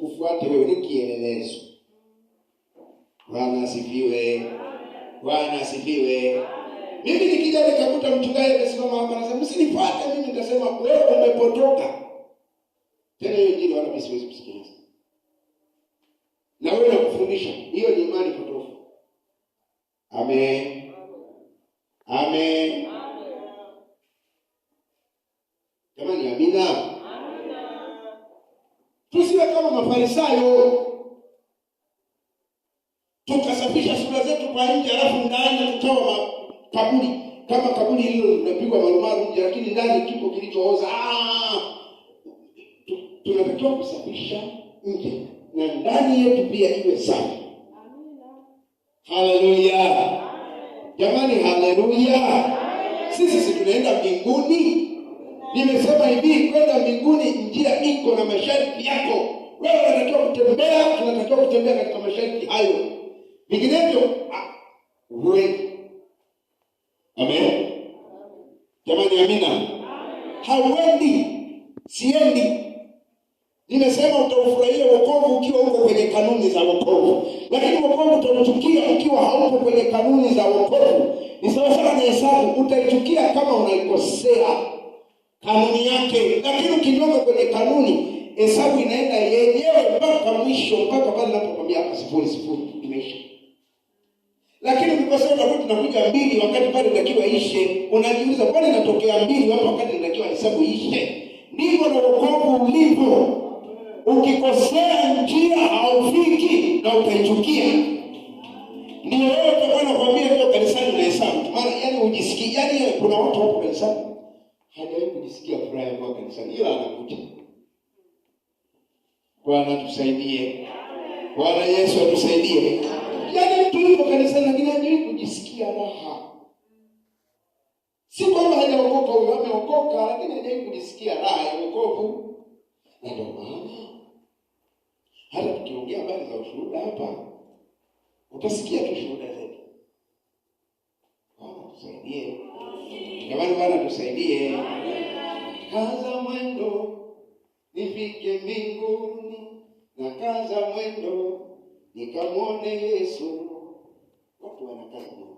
kufuate wewe ni kielelezo. Bwana asifiwe. Bwana asifiwe. Mimi nikija nikakuta mchungaji amesimama hapa anasema msinifuate mimi nitasema wewe umepotoka. Tena hiyo injili wala mimi siwezi kusikiliza. Na wewe unakufundisha. Hiyo ni imani potofu. Amen. kama Mafarisayo, tukasafisha sura zetu kwa nje, halafu ndani tutoa kaburi kama kaburi hilo linapigwa marumaru nje, lakini ndani kipo kilichooza. Ah! Tunatakiwa kusafisha nje na ndani yetu pia iwe safi. Haleluya jamani, haleluya! Sisi si tunaenda mbinguni? Nimesema hivi, kwenda mbinguni, njia iko na masharti yako kutembea katika masharti hayo, vinginevyo huwezi. Ah, Amen jamani, amina. Hauendi, siendi. Nimesema utaufurahia wokovu ukiwa uko kwenye kanuni za wokovu, lakini wokovu utauchukia ukiwa hauko kwenye kanuni za wokovu. Ni sawasawa na hesabu, utaichukia kama unaikosea kanuni yake, lakini ukinyoma kwenye kanuni, hesabu inaenda mwisho mpaka pale napokwambia hapa sifuri sifuri imeisha. Lakini ukikosea utakuwa tunakuja mbili wakati pale inatakiwa ishe, unajiuliza pale natokea mbili wapo wakati inatakiwa hesabu ishe. Ndivyo na ukovu ulivyo, ukikosea njia haufiki na utaichukia. Bwana tusaidie, Bwana Yesu atusaidie. Yaani mtu yuko kanisani lakini hajui kujisikia raha. Si kwamba hajaokoka huyo, ameokoka lakini hajui kujisikia raha ya wokovu. Na ndio maana hata tukiongea habari za ushuhuda hapa, utasikia tu shuhuda zetu. Bwana tusaidie, jamani, Bwana tusaidie, kaza mwendo nifike mbinguni, na kaza mwendo nikamwone Yesu. Watu wanakaza mwendo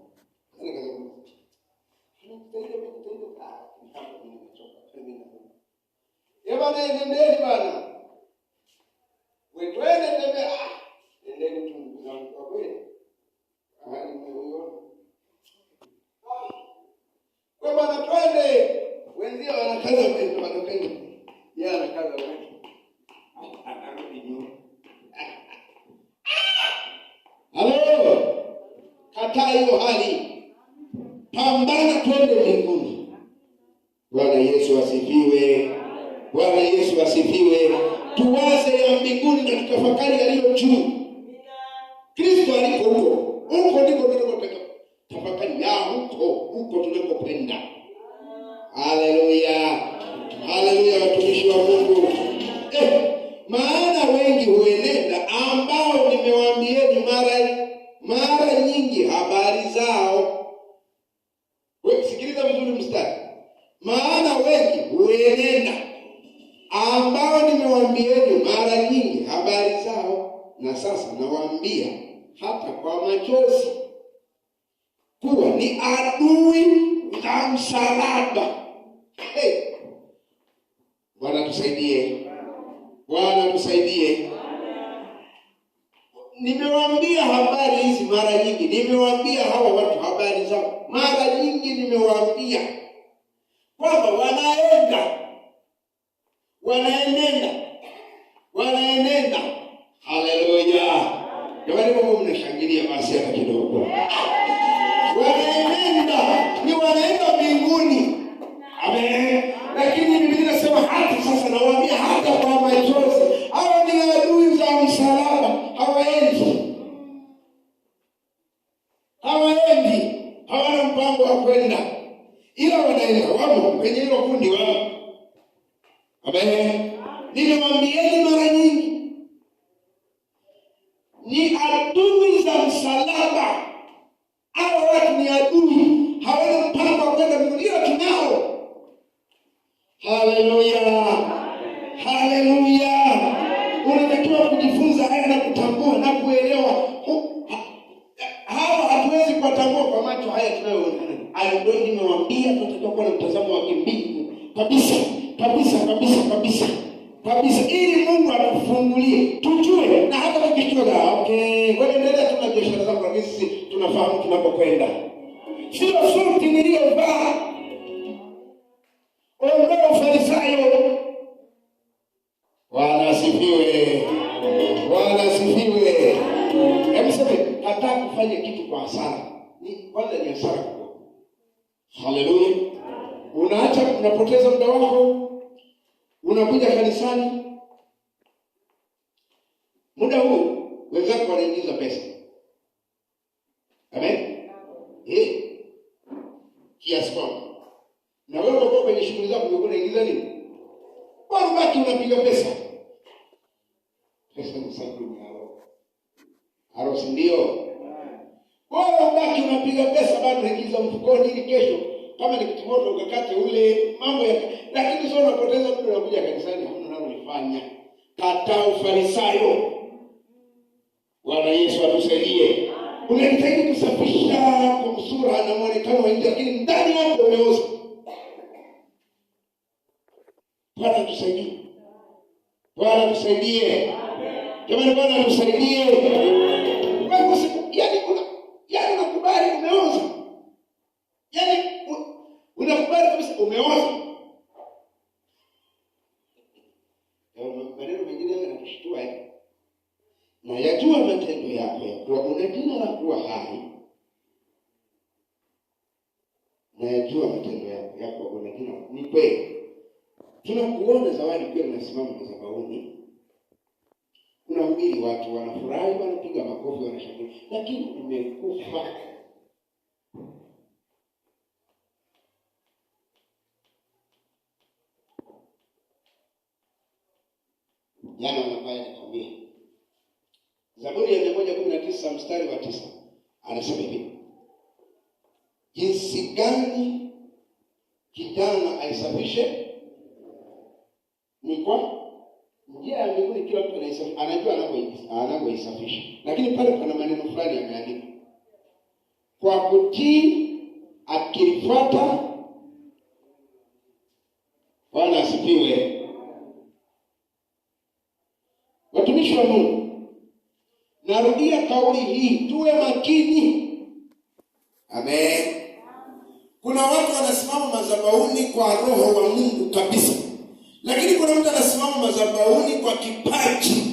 ebana, enendeni bana kukataa hiyo hali, pambana, twende mbinguni. Bwana Yesu asifiwe! Bwana Yesu asifiwe! Tuwaze ya mbinguni na tutafakari yaliyo juu. Kristo aliko huko, huko ndiko tunakotaka tafakari ya huko huko tunakopenda. Haleluya, haleluya, watumishi wa Mungu eh, maana wengi huenenda ambao nimewambia habari zao. Wewe sikiliza vizuri mstari, maana wengi huenenda, ambao nimewaambieni mara nyingi habari zao, na sasa nawaambia hata kwa machozi, kuwa ni adui na msalaba. Hey. Bwana tusaidie, Bwana tusaidie. Nimewaambia habari mara nyingi nimewaambia hawa watu habari zao, mara nyingi nimewaambia kwamba wanaenda wanaenenda wanaenenda ni adui za msalaba. Hawa watu ni adui, hawana mpango wa kwenda tunao. Haleluya, haleluya! Unatakiwa kujifunza haya na kutambua na kuelewa. Hawa hatuwezi kuwatambua kwa macho haya tunayoonana. Ndio nimewambia tunatakiwa kuwa na mtazamo wa kimbingu kabisa kabisa kabisa kabisa kabisa, ili Mungu atufungulie tujue na hata tukichora tuendelea tu na biashara zako, lakini sisi tunafahamu tunapokwenda. Sio suti niliyovaa. Ondoa ufarisayo. Bwana asifiwe, Bwana asifiwe. Hebu sema, kataa kufanya kitu kwa hasara. Ni kwanza ni hasara kubwa. Haleluya! Unaacha, unapoteza muda wako, unakuja kanisani Muda huu wenzako wanaingiza pesa. Amen. Eh. Kiasi kwamba na wewe uko kwenye shughuli zako uko unaingiza nini? Bado unapiga pesa. Pesa ni sababu ya roho. Harusi ndio. Bado unapiga pesa bado unaingiza mfukoni ili kesho kama ni kitimoto ukakate ule mambo ya lakini sio unapoteza mtu unakuja kanisani hamna nalo nifanya. kata ufarisayo. unajitahidi kusafisha kwa sura na mwonekano wa nje, lakini ndani yako umeoza. Bwana tusaidie, Bwana tusaidie, jamani, Bwana tusaidie. Yani yani unakubali umeoza, yani unakubali kabisa umeoza. Yaani maneno mengine yanakushtua eh. na yajua kuwa una jina la kuwa hai, nayajua matendo yako yako, una jina ni kweli. Tunakuona Zawadi pia unasimama madhabahuni, unahubiri, watu wanafurahi, wanapiga makofi, wanashangilia, lakini umekufa. Jana ambaye nikwambia Zaburi ya tisa mstari wa tisa anasema hivi, jinsi gani kijana aisafishe mikwa njia ya mbinguni. Kila mtu anajua anavyoisafisha, lakini pale kuna maneno fulani yameandikwa kwa kutii, akilifuata. wana asipiwe Narudia kauli hii, tuwe makini. Amen. Kuna watu wanasimama madhabahuni kwa roho wa Mungu kabisa, lakini kuna mtu anasimama madhabahuni kwa kipaji